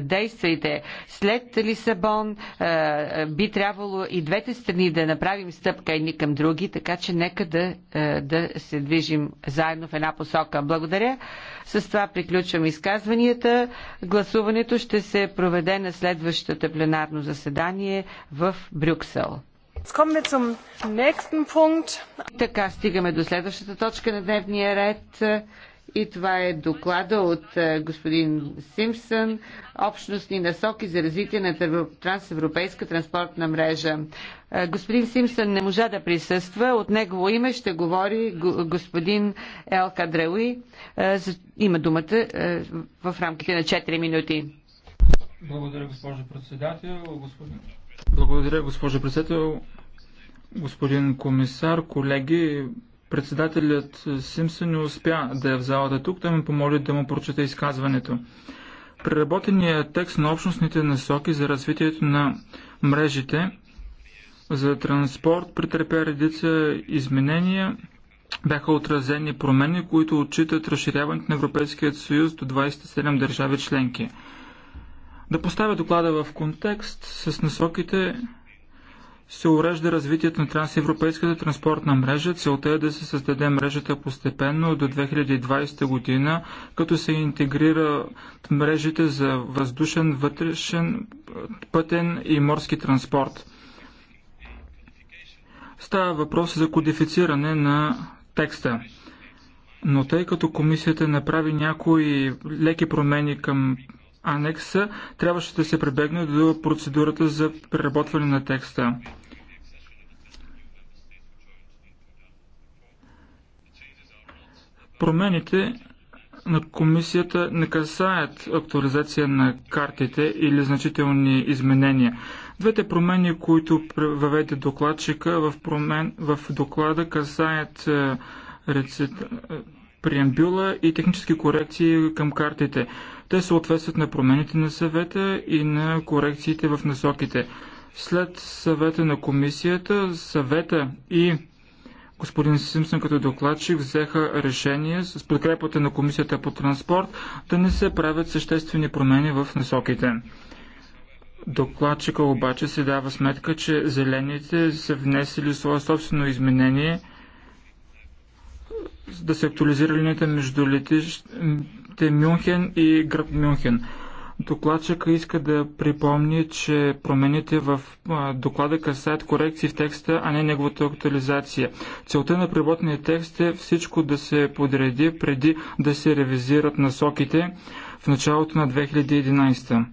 действайте след Лисабон, е, е, би трябвало и двете страни да направим стъпка едни към други, така че нека да, е, да се движим заедно в една посока. Благодаря. С това приключвам изказванията. Гласуването ще се проведе на следващото пленарно заседание в Брюксел. Така стигаме до следващата точка на дневния ред. И това е доклада от е, господин Симпсън Общностни насоки за развитие на трансевропейска транспортна мрежа. Е, господин Симпсън не можа да присъства. От негово име ще говори господин Ел Кадрауи. Е, има думата в рамките на 4 минути. Благодаря, госпожо председател. Господин... Благодаря, госпожо председател. Господин комисар, колеги, Председателят Симпсън не успя да е в залата тук, да ме помоли да му прочета изказването. Преработеният текст на общностните насоки за развитието на мрежите за транспорт претърпя редица изменения. Бяха отразени промени, които отчитат разширяването на Европейския съюз до 27 държави членки. Да поставя доклада в контекст с насоките се урежда развитието на трансевропейската транспортна мрежа. Целта е да се създаде мрежата постепенно до 2020 година, като се интегрира мрежите за въздушен, вътрешен, пътен и морски транспорт. Става въпрос за кодифициране на текста. Но тъй като комисията направи някои леки промени към анекса, трябваше да се прибегне до процедурата за преработване на текста. Промените на комисията не касаят актуализация на картите или значителни изменения. Двете промени, които въведе докладчика в, промен, в доклада, касаят е, рецит, е, преамбюла и технически корекции към картите. Те съответстват на промените на съвета и на корекциите в насоките. След съвета на комисията, съвета и господин Симсън като докладчик взеха решение с подкрепата на Комисията по транспорт да не се правят съществени промени в насоките. Докладчика обаче се дава сметка, че зелените са внесли свое собствено изменение да се актуализира линията между летище Мюнхен и град Мюнхен. Докладчика иска да припомни, че промените в доклада касаят корекции в текста, а не неговата актуализация. Целта на преработения текст е всичко да се подреди преди да се ревизират насоките в началото на 2011.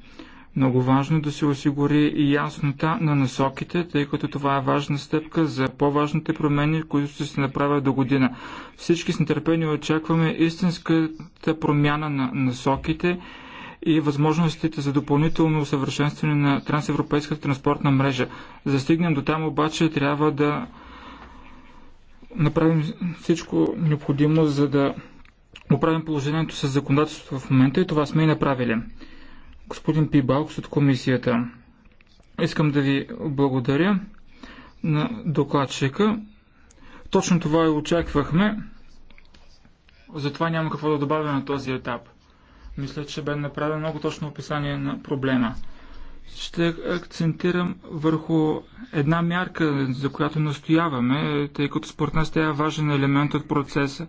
Много важно е да се осигури и яснота на насоките, тъй като това е важна стъпка за по-важните промени, които ще се направят до година. Всички с нетърпение очакваме истинската промяна на насоките и възможностите за допълнително усъвършенстване на трансевропейската транспортна мрежа. За да стигнем до там обаче трябва да направим всичко необходимо, за да оправим положението с законодателството в момента и това сме и направили. Господин Пибалкс от комисията, искам да ви благодаря на докладчика. Точно това и очаквахме. Затова няма какво да добавя на този етап. Мисля, че бе направено много точно описание на проблема. Ще акцентирам върху една мярка, за която настояваме, тъй като според нас тя е важен елемент от процеса.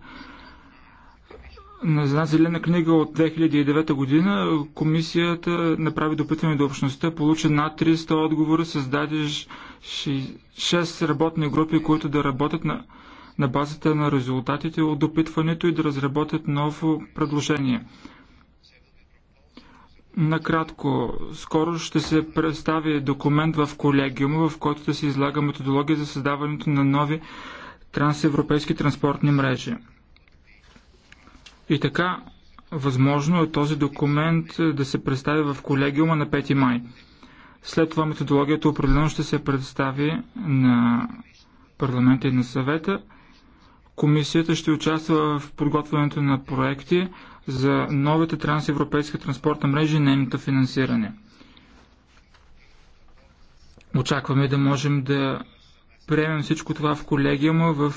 На една зелена книга от 2009 година комисията направи допитване до общността, получи над 300 отговора, създаде 6 работни групи, които да работят на, на базата на резултатите от допитването и да разработят ново предложение. Накратко, скоро ще се представи документ в колегиума, в който да се излага методология за създаването на нови трансевропейски транспортни мрежи. И така, възможно е този документ да се представи в колегиума на 5 май. След това методологията определено ще се представи на парламента и на съвета. Комисията ще участва в подготвянето на проекти, за новата трансевропейска транспортна мрежа и нейното финансиране. Очакваме да можем да приемем всичко това в колегиума в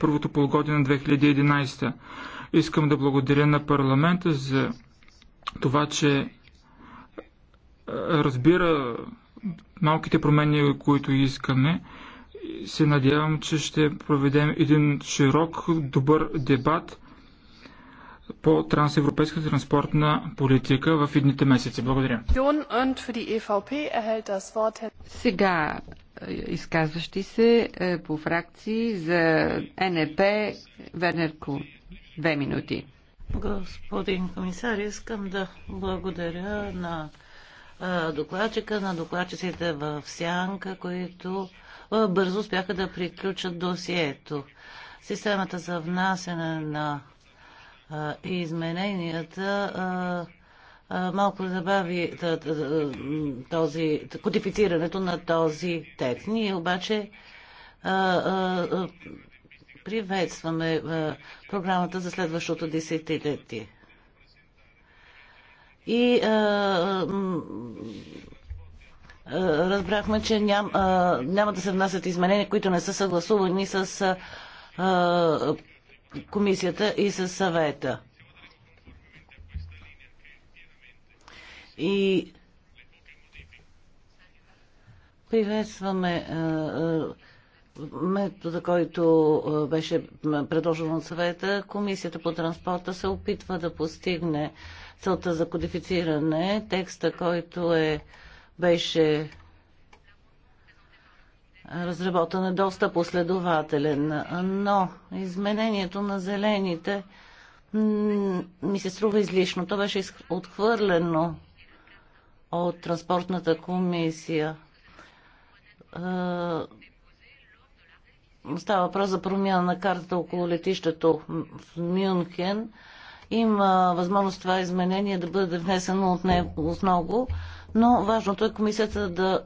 първото полугодие на 2011. Искам да благодаря на парламента за това, че разбира малките промени, които искаме. Се надявам, че ще проведем един широк, добър дебат по трансевропейската транспортна политика в едните месеци. Благодаря. E Сега е, изказващи се е, по фракции за НЕП Вернер Клун. Две минути. Господин комисар, искам да благодаря на е, докладчика, на докладчиците в Сянка, които бързо успяха да приключат досието. Системата за внасяне на и измененията малко забави този, кодифицирането на този текст. Ние обаче приветстваме програмата за следващото десетилетие. И разбрахме, че няма, няма да се внасят изменения, които не са съгласувани с комисията и със съвета. И приветстваме е, е, метода, който е, беше предложен от съвета. Комисията по транспорта се опитва да постигне целта за кодифициране. Текста, който е, беше разработен е доста последователен, но изменението на зелените ми се струва излишно. То беше отхвърлено от транспортната комисия. Е, става въпрос за промяна на картата около летището в Мюнхен. Има възможност това изменение да бъде внесено от него отново но важното е комисията да,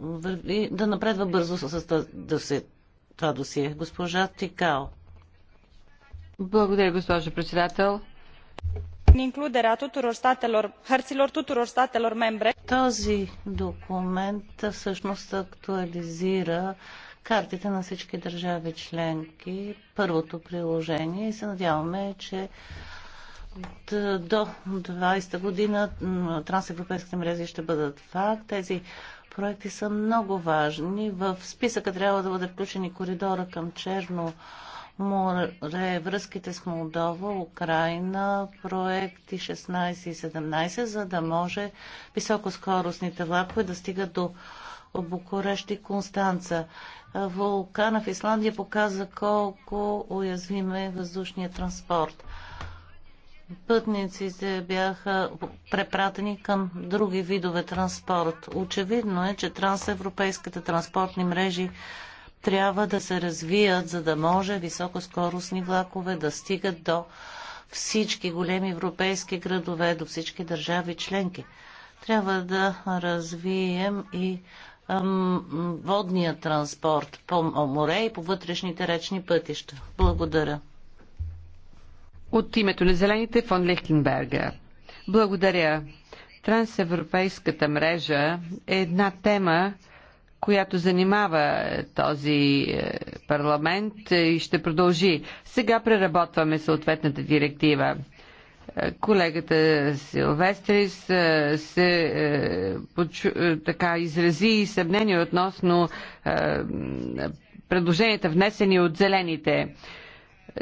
върви, да напредва бързо с това досие. Госпожа Тикао. Благодаря, госпожо председател tuturor statelor membre. Този документ всъщност актуализира картите на всички държави членки, първото приложение и се надяваме, че е, до 20-та година трансевропейските мрези ще бъдат факт. Тези проекти са много важни. В списъка трябва да бъде включени коридора към Черно море, връзките с Молдова, Украина, проекти 16 и 17, за да може високоскоростните влакове да стигат до Букурещ и Констанца. Вулкана в Исландия показа колко уязвим е въздушния транспорт пътниците бяха препратени към други видове транспорт. Очевидно е, че трансевропейските транспортни мрежи трябва да се развият, за да може високоскоростни влакове да стигат до всички големи европейски градове, до всички държави членки. Трябва да развием и водния транспорт по море и по вътрешните речни пътища. Благодаря. От името на зелените фон Лихтенбергер. Благодаря. Трансевропейската мрежа е една тема, която занимава този е, парламент и ще продължи. Сега преработваме съответната директива. Е, колегата Силвестрис е, се така изрази съмнение относно предложенията внесени от зелените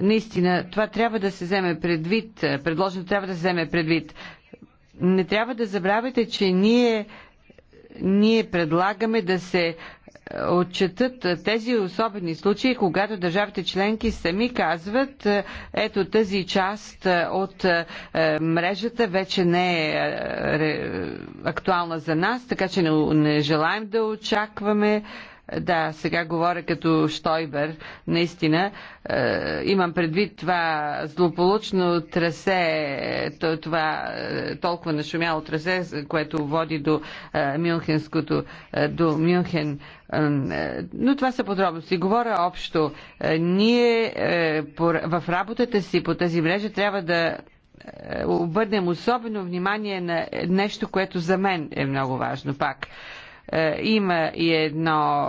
Наистина, това трябва да се вземе предвид, е, предложено трябва да се вземе предвид. Не трябва да забравяйте, че ние, ние предлагаме да се е, отчетат е, тези особени случаи, когато държавите членки сами казват, ето тази част от мрежата вече не е актуална за нас, така че не, не желаем да очакваме да, сега говоря като Штойбер, наистина. Е, имам предвид това злополучно трасе, това е, толкова нашумяло трасе, което води до е, Мюнхенското, е, до Мюнхен. Е, е, но това са подробности. Говоря общо. Ние в работата си по тази мрежа трябва да обърнем особено внимание на нещо, което за мен е много важно пак – е, има и едно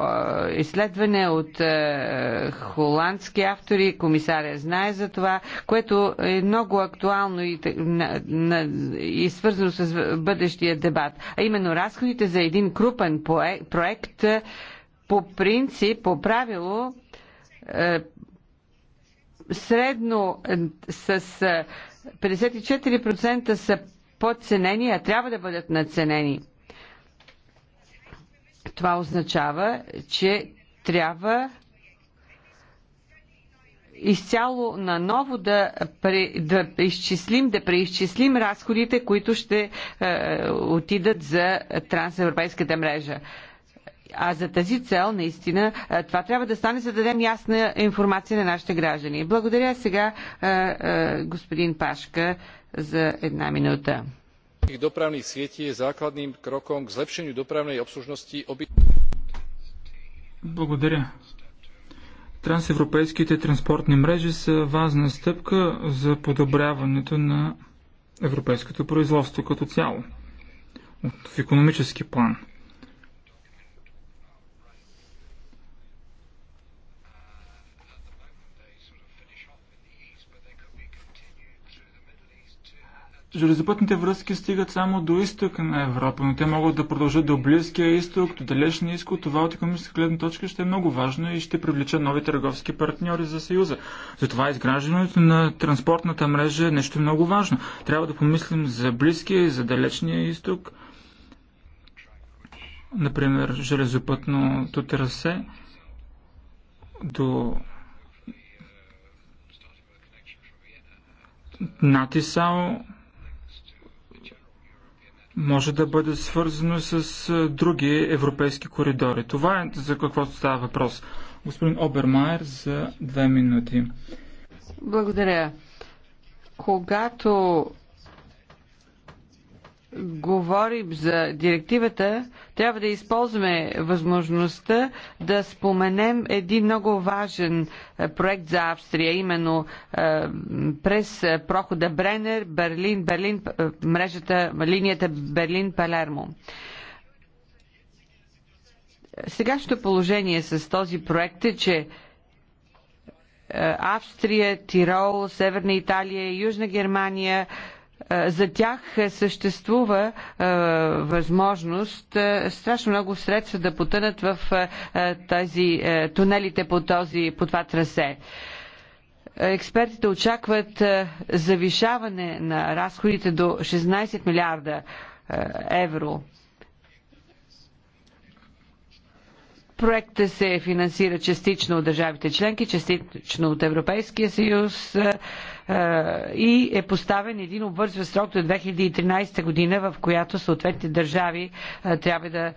е, изследване от е, холандски автори, комисаря знае за това, което е много актуално и, и свързано с бъдещия дебат. А именно разходите за един крупен проект по принцип, по правило, средно с 54% са подценени, а трябва да бъдат надценени. Това означава, че трябва изцяло наново да, пре, да изчислим, да преизчислим разходите, които ще е, отидат за трансевропейската мрежа. А за тази цел, наистина, е, това трябва да стане, за да дадем ясна информация на нашите граждани. Благодаря сега е, е, господин Пашка за една минута dopravných sietí je základným krokom k zlepšeniu dopravnej obslužnosti Благодаря. Трансевропейските транспортни мрежи са важна стъпка за подобряването на европейското производство като цяло в економически план – Железопътните връзки стигат само до изток на Европа, но те могат да продължат до Близкия изток, до Далечния изток. Това от економическа гледна точка ще е много важно и ще привлече нови търговски партньори за Съюза. Затова изграждането на транспортната мрежа е нещо много важно. Трябва да помислим за Близкия и за Далечния изток. Например, железопътното трасе до Натисао може да бъде свързано с други европейски коридори. Това е за какво става въпрос. Господин Обермайер за две минути. Благодаря. Когато говорим за директивата, трябва да използваме възможността да споменем един много важен е, проект за Австрия, именно е, през е, прохода Бренер, Берлин, Берлин, мрежата, линията Берлин-Палермо. Сегашното положение с този проект е, че Австрия, Тирол, Северна Италия Южна Германия – е, за тях е, съществува а, е, възможност а, страшно много средства да потънат в а, тази, тунелите по, този, по това трасе. Експертите очакват завишаване на разходите до 16 милиарда евро. Проектът се финансира частично от държавите членки, частично от Европейския съюз и е поставен един обвързва срок до 2013 година, в която съответните държави трябва да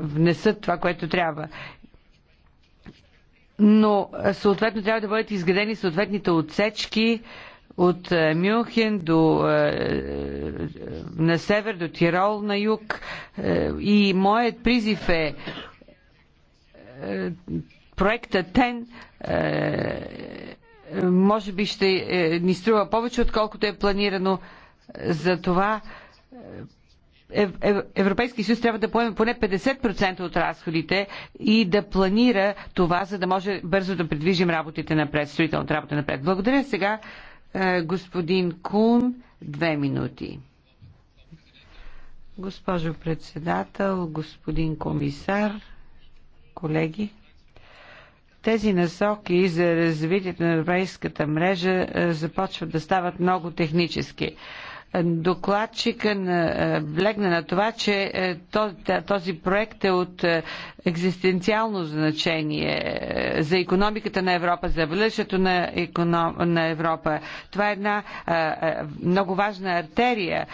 внесат това, което трябва но съответно трябва да бъдат изградени съответните отсечки от е, Мюнхен до, е, е, на север, до Тирол, на юг. И моят призив е проекта ТЕН може би ще ни струва повече, отколкото е планирано. За това Европейски съюз трябва да поеме поне 50% от разходите и да планира това, за да може бързо да придвижим работите напред, строителната работа напред. Благодаря сега е, господин Кун, две минути. Госпожо председател, господин комисар, колеги, тези насоки за развитието на европейската мрежа е, започват да стават много технически. Докладчика влегна е, на това, че е, този проект е от е, екзистенциално значение за економиката на Европа, за бъдещето на, економ... на Европа. Това е една много важна артерия,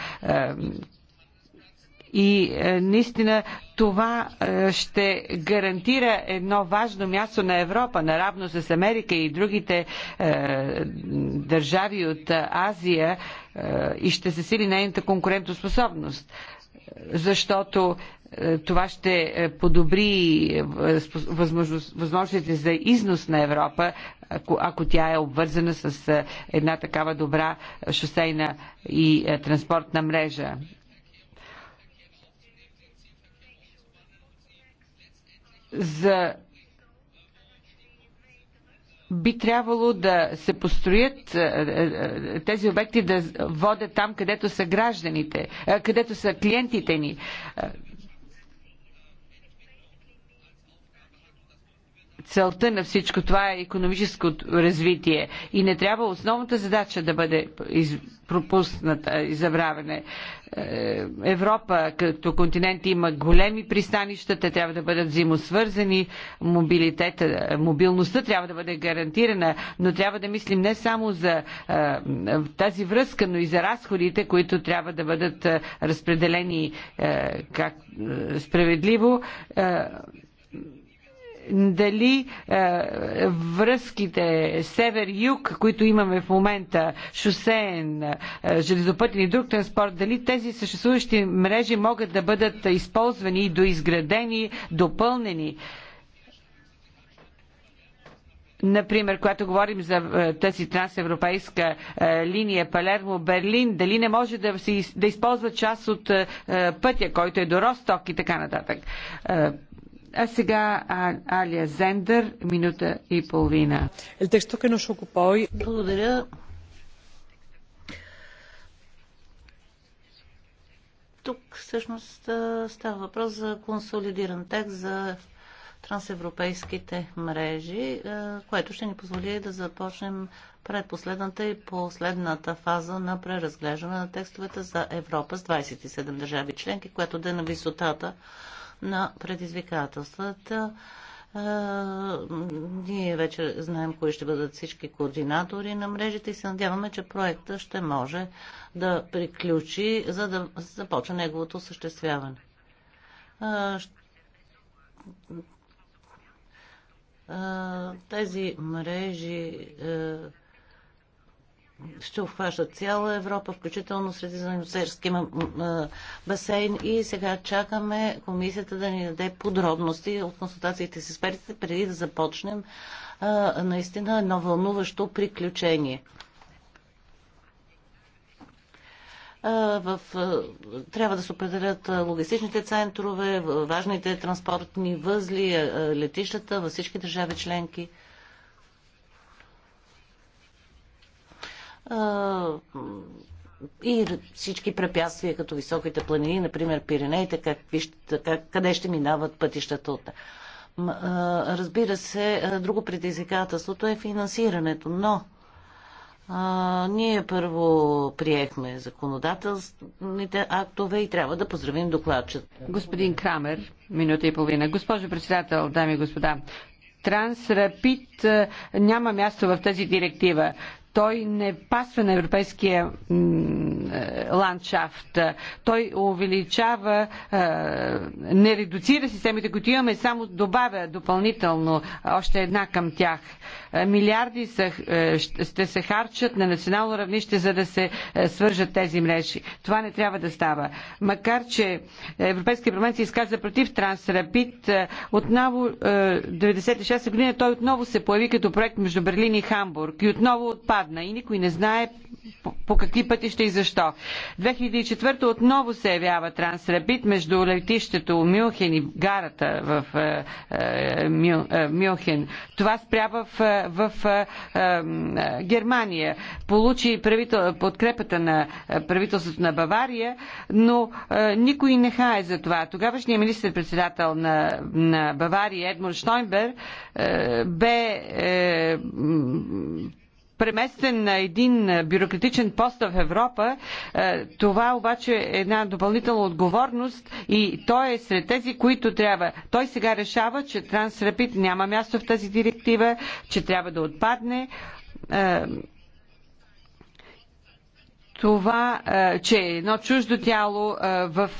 и е, наистина това е, ще гарантира едно важно място на Европа, наравно с Америка и другите е, държави от Азия и ще се сили нейната конкурентоспособност защото това ще подобри възможностите за износ на Европа, ако, ако тя е обвързана с една такава добра шосейна и транспортна мрежа. за би трябвало да се построят е, е, е, тези обекти да водят там, където са гражданите, където са клиентите ни. целта на всичко това е економическо развитие и не трябва основната задача да бъде из, пропусната и забравена. Е, Европа като континент има големи пристанища, те трябва да бъдат взаимосвързани, мобилитета, мобилността трябва да бъде гарантирана, но трябва да мислим не само за а, е, тази връзка, но и за разходите, които трябва да бъдат е, разпределени а, как, а, справедливо. А, дали е, връзките север-юг, които имаме в момента, шосеен, е, железопътен и друг транспорт, дали тези съществуващи мрежи могат да бъдат използвани, доизградени, допълнени. Например, когато говорим за е, тази трансевропейска е, линия Палермо-Берлин, дали не може да, се, да използва част от е, пътя, който е до Росток и така нататък. А сега а, Алия Зендър, минута и половина. Благодаря. Тук всъщност става въпрос за консолидиран текст за трансевропейските мрежи, което ще ни позволи да започнем предпоследната и последната фаза на преразглеждане на текстовете за Европа с 27 държави членки, което да е на висотата на предизвикателствата. Е, ние вече знаем кои ще бъдат всички координатори на мрежите и се надяваме, че проекта ще може да приключи, за да започне неговото съществяване. Е, е, тези мрежи ще обхваща цяла Европа, включително Средиземноморски басейн и сега чакаме комисията да ни даде подробности от консултациите с експертите, преди да започнем а, наистина едно вълнуващо приключение. в, трябва да се определят логистичните центрове, важните транспортни възли, летищата във всички държави членки. и всички препятствия, като високите планини, например Пиренеите, как, как, къде ще минават пътищата от. Разбира се, друго предизвикателството е финансирането, но а, ние първо приехме законодателните актове и трябва да поздравим докладчета. Господин Крамер, минута и половина. Госпожо председател, дами и господа, Трансрапид няма място в тази директива. Той не пасва на европейския е, ландшафт. Той увеличава, е, не редуцира системите, които имаме, само добавя допълнително още една към тях. Е, милиарди са, ще се харчат на национално равнище, за да се свържат тези мрежи. Това не трябва да става. Макар, че Европейския парламент се изказа против Трансрапид, отново 96 година той отново се появи като проект между Берлин и Хамбург и отново отпада отдавна и никой не знае по, по какви пътища и защо. 2004 отново се явява Трансрабит между летището Мюнхен и гарата в е, е, е Мюнхен. Това спря в, е, в, в е, е, Германия. Получи правител, подкрепата на правителството на Бавария, но е, никой не хае за това. Тогавашният министр-председател на, на Бавария Едмунд Штойнбер е, бе е, преместен на един бюрократичен пост в Европа, това обаче е една допълнителна отговорност и той е сред тези, които трябва. Той сега решава, че Трансрапид няма място в тази директива, че трябва да отпадне това, че е едно чуждо тяло в...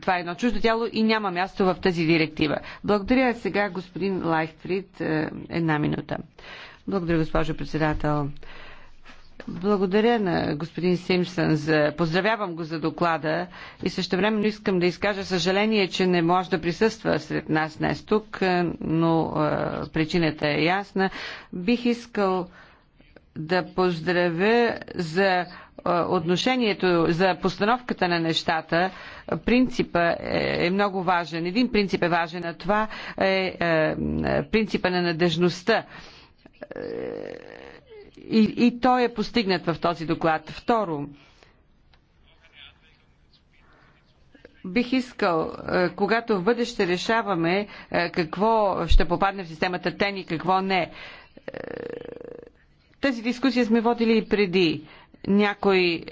Това е едно чуждо тяло и няма място в тази директива. Благодаря сега господин Лайфрид. Една минута. Благодаря, госпожо председател. Благодаря на господин Симпсън за... Поздравявам го за доклада и също времено искам да изкажа съжаление, че не може да присъства сред нас днес тук, е, но е, причината е ясна. Бих искал да поздравя за е, отношението, за постановката на нещата. Принципа е, е много важен. Един принцип е важен, а това е, е принципа на надежността. Е, е, и, и той е постигнат в този доклад. Второ, бих искал, е, когато в бъдеще решаваме е, какво ще попадне в системата ТЕН и какво не, тази дискусия сме водили и преди. някой.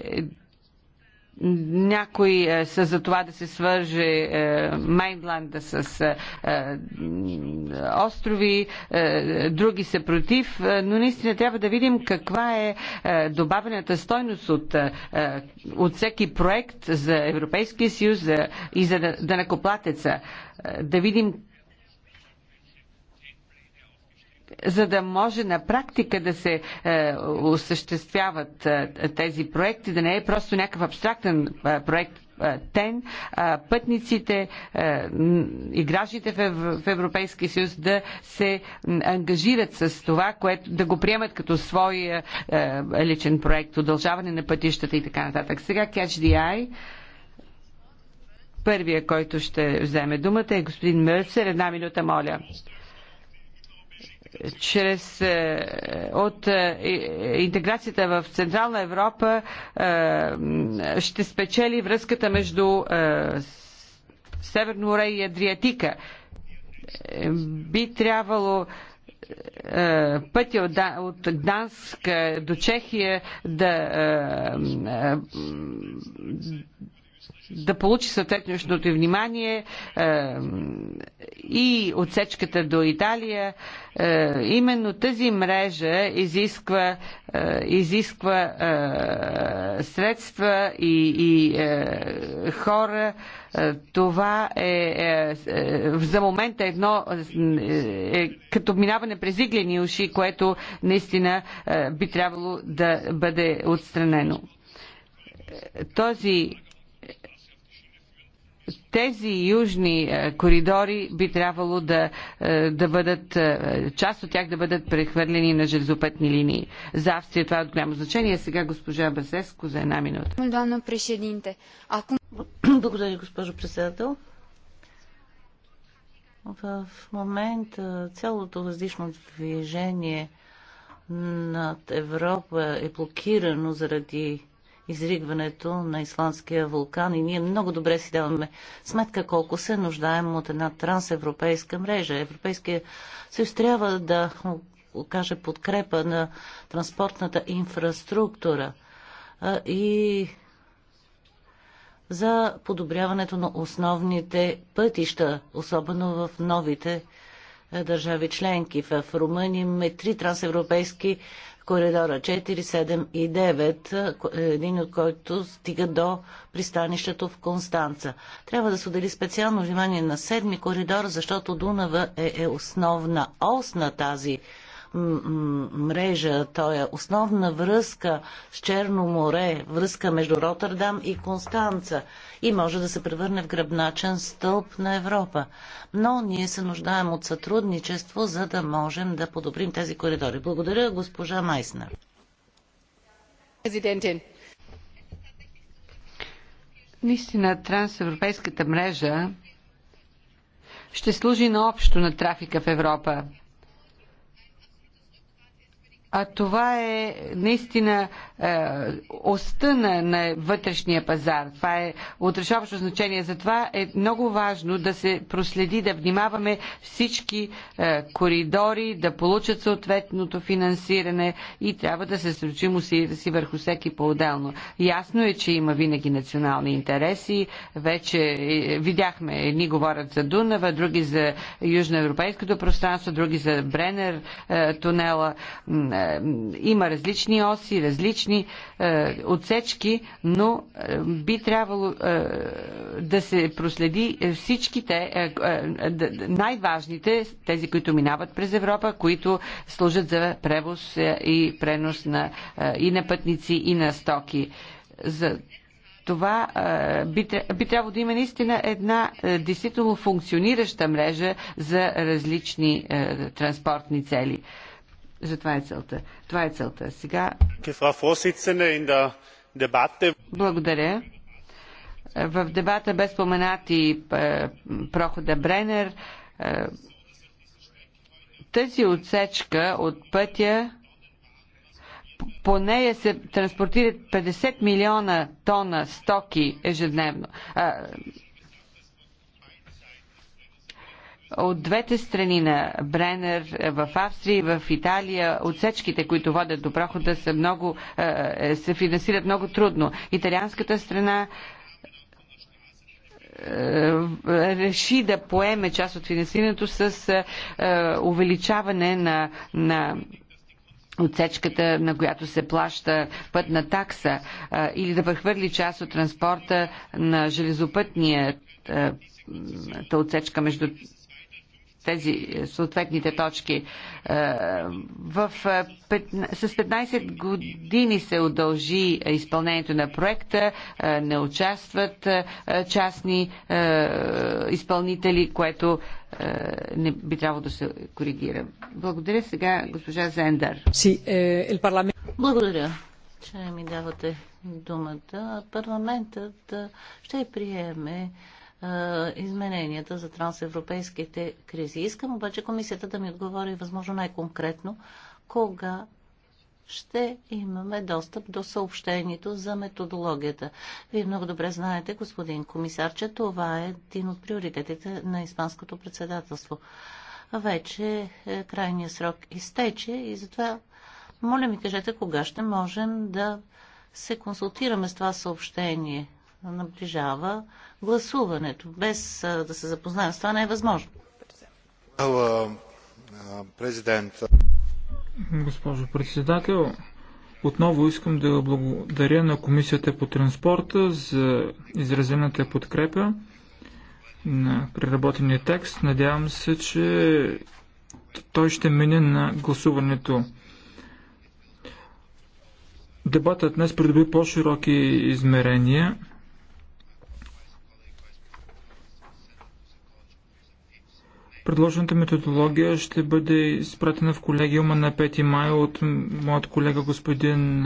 Някои е, са за това да се свърже е, Майнланда с е, е, острови, е, други са против, е, но наистина трябва да видим каква е, е добавената стойност от, е, е от всеки проект за Европейския съюз за, и за данакоплатеца. Е, да видим за да може на практика да се е, осъществяват е, тези проекти, да не е просто някакъв абстрактен е, проект е, ТЕН, пътниците е, и гражданите в, в Европейския съюз да се ангажират с това, което да го приемат като свой е, личен проект, удължаване на пътищата и така нататък. Сега Catch the Eye. Първия, който ще вземе думата е господин Мърцер. Една минута, моля чрез, е, от е, е, интеграцията в Централна Европа ще спечели връзката между Северно море и Адриатика. Би трябвало пътя от, Гданск до Чехия да да получи съответното внимание е, и отсечката до Италия. Е, именно тази мрежа изисква, е, изисква е, средства и, и е, хора. Е, това е, е, е за момента едно е, е, като минаване през иглени уши, което наистина е, би трябвало да бъде отстранено. Е, този тези южни е, коридори би трябвало да, е, да бъдат, е, част от тях да бъдат прехвърлени на железопътни линии. За Австрия това е от голямо значение. Сега госпожа Басеско за една минута. Благодаря, госпожо председател. В момента цялото въздишно движение над Европа е блокирано заради изригването на исландския вулкан и ние много добре си даваме сметка колко се нуждаем от една трансевропейска мрежа. Европейския съюз трябва да окаже подкрепа на транспортната инфраструктура и за подобряването на основните пътища, особено в новите е, държави членки. В Румъния имаме три трансевропейски коридора 4, 7 и 9, един от който стига до пристанището в Констанца. Трябва да се отдели специално внимание на седми коридор, защото Дунава е, е основна ос на тази мрежа, тоя е основна връзка с Черно море, връзка между Ротърдам и Констанца и може да се превърне в гръбначен стълб на Европа. Но ние се нуждаем от сътрудничество, за да можем да подобрим тези коридори. Благодаря, госпожа Майснер. Президентин. Наистина, трансевропейската мрежа ще служи наобщо на трафика в Европа а това е наистина е, оста на, на вътрешния пазар. Това е отрешаващо значение. Затова е много важно да се проследи, да внимаваме всички е, коридори, да получат съответното финансиране и трябва да се сръчим усилията си върху всеки по-отделно. Ясно е, че има винаги национални интереси. Вече е, видяхме, едни говорят за Дунава, други за Южноевропейското пространство, други за Бренер е, тунела. Е, е, има различни оси, различни е, отсечки, но е, би трябвало е, да се проследи всичките, е, е, най-важните, тези, които минават през Европа, които служат за превоз е, и пренос на, е, и на пътници, и на стоки. За това е, би, би трябвало да има наистина една действително функционираща мрежа за различни транспортни цели. За това е целта. Това е целта. Сега... Благодаря. В дебата бе споменати е, прохода Бренер. Е, тази отсечка от пътя по нея се транспортират 50 милиона тона стоки ежедневно от двете страни на Бренер в Австрия и в Италия отсечките, които водят до прохода, са много, е, е, се финансират много трудно. Италианската страна е, реши да поеме част от финансирането с увеличаване на, на отсечката, на която се плаща пътна такса или да прехвърли част от транспорта на железопътния отсечка между тези е, съответните точки. Е, в, е, с 15 години се удължи изпълнението на проекта, не участват частни изпълнители, което не би трябвало да се коригира. Благодаря сега госпожа Зендър. Благодаря, че ми давате думата. Парламентът ще приеме измененията за трансевропейските кризи. Искам обаче комисията да ми отговори възможно най-конкретно кога ще имаме достъп до съобщението за методологията. Вие много добре знаете, господин комисар, че това е един от приоритетите на Испанското председателство. Вече е, крайният срок изтече и затова моля ми кажете кога ще можем да се консултираме с това съобщение наближава гласуването. Без да се запознаем с това не е възможно. Президент. Uh, uh, Госпожо председател, отново искам да благодаря на Комисията по транспорта за изразената подкрепа на преработения текст. Надявам се, че той ще мине на гласуването. Дебатът днес придоби по-широки измерения. Предложената методология ще бъде изпратена в колегиума на 5 май от моят колега господин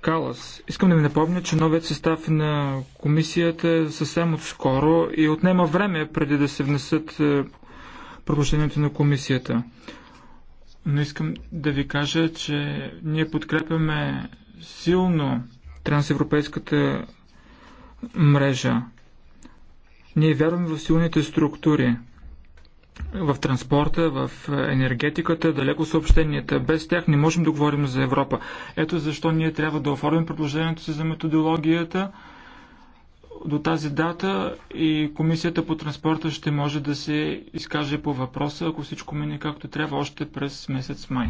Калас. Искам да ви напомня, че новият състав на комисията е съвсем отскоро и отнема време преди да се внесат предложението на комисията. Но искам да ви кажа, че ние подкрепяме силно трансевропейската мрежа. Ние вярваме в силните структури в транспорта, в е, енергетиката, далеко съобщенията. Без тях не можем да говорим за Европа. Ето защо ние трябва да оформим предложението си за методологията до тази дата и Комисията по транспорта ще може да се изкаже по въпроса, ако всичко мине както трябва, още през месец май.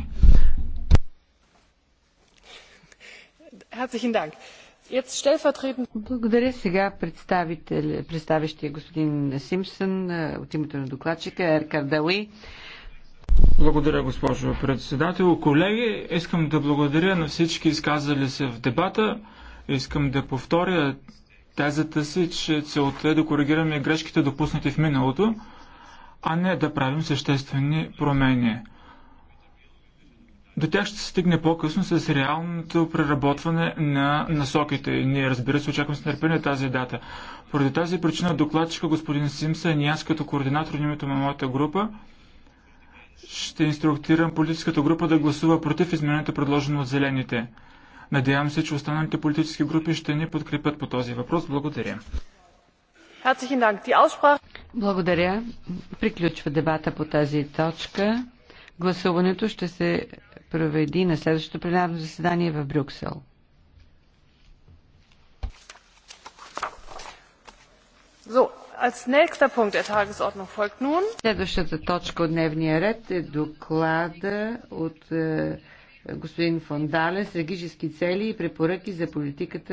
Herzlichen Dank. Благодаря сега представящия господин Симпсън от името на докладчика Еркар Дали. Благодаря, госпожо председател. Колеги, искам да благодаря на всички изказали се в дебата. Искам да повторя тезата си, че целта е да коригираме грешките допуснати в миналото, а не да правим съществени промени. До тях ще се стигне по-късно с реалното преработване на насоките. Ние, разбира се, очаквам с нетърпение тази дата. Поради тази причина докладчика господин Симса, и аз като координатор от името на моята група ще инструктирам политическата група да гласува против изменението предложено от зелените. Надявам се, че останалите политически групи ще ни подкрепят по този въпрос. Благодаря. Благодаря. Приключва дебата по тази точка. Гласуването ще се проведи на следващото пленарно заседание в Брюксел. So, als nächster Punkt der Tagesordnung folgt nun. Следващата точка от дневния ред е доклада от е, господин фондален стратегически цели и препоръки за политиката